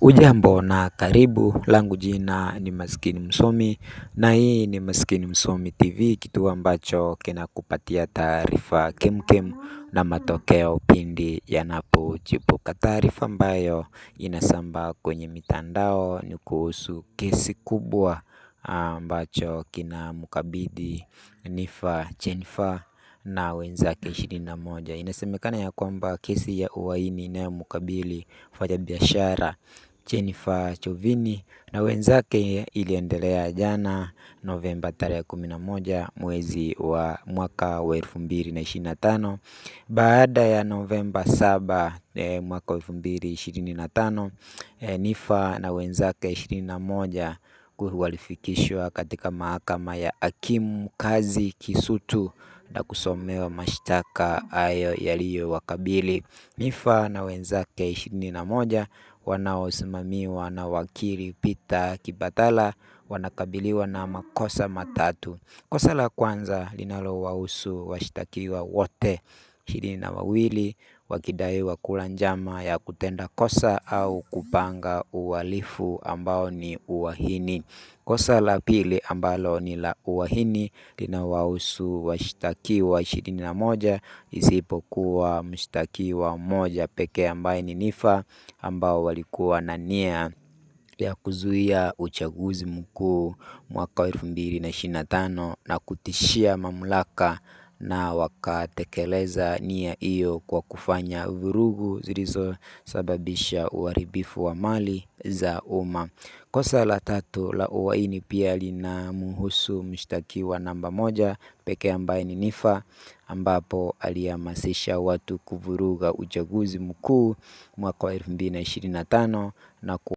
Ujambo na karibu langu jina ni Maskini Msomi na hii ni Maskini Msomi TV kituo ambacho kinakupatia taarifa kemkem na matokeo pindi yanapochipuka. Taarifa ambayo inasambaa kwenye mitandao ni kuhusu kesi kubwa ah, ambacho kinamkabidhi Niffer Jenifer na wenzake ishirini na moja. Inasemekana ya kwamba kesi ya uhaini inayomkabili mfanyabiashara Jennifer Chovini na wenzake iliendelea jana Novemba tarehe kumi na moja mwezi wa mwaka wa elfu mbili na ishirini na tano baada ya Novemba saba e, mwaka wa elfu mbili ishirini na tano e, eh, Nifa na wenzake ishirini na moja walifikishwa katika mahakama ya hakimu kazi Kisutu na kusomewa mashtaka hayo yaliyowakabili Niffer na wenzake ishirini na moja wanaosimamiwa na wakili Peter Kibatala wanakabiliwa na makosa matatu. Kosa la kwanza linalowahusu washtakiwa wote ishirini na wawili wakidaiwa kula njama ya kutenda kosa au kupanga uhalifu ambao ni uhaini. Kosa la pili ambalo ni la uhaini linawahusu washtakiwa ishirini na moja isipokuwa mshtakiwa mmoja pekee ambaye ni Niffer ambao walikuwa na nia ya kuzuia uchaguzi mkuu mwaka wa elfu mbili na ishirini na tano na kutishia mamlaka na wakatekeleza nia hiyo kwa kufanya vurugu zilizosababisha uharibifu wa mali za umma. Kosa la tatu la uhaini pia linamhusu mshtakiwa namba moja pekee ambaye ni Niffer, ambapo alihamasisha watu kuvuruga uchaguzi mkuu mwaka wa tano na ku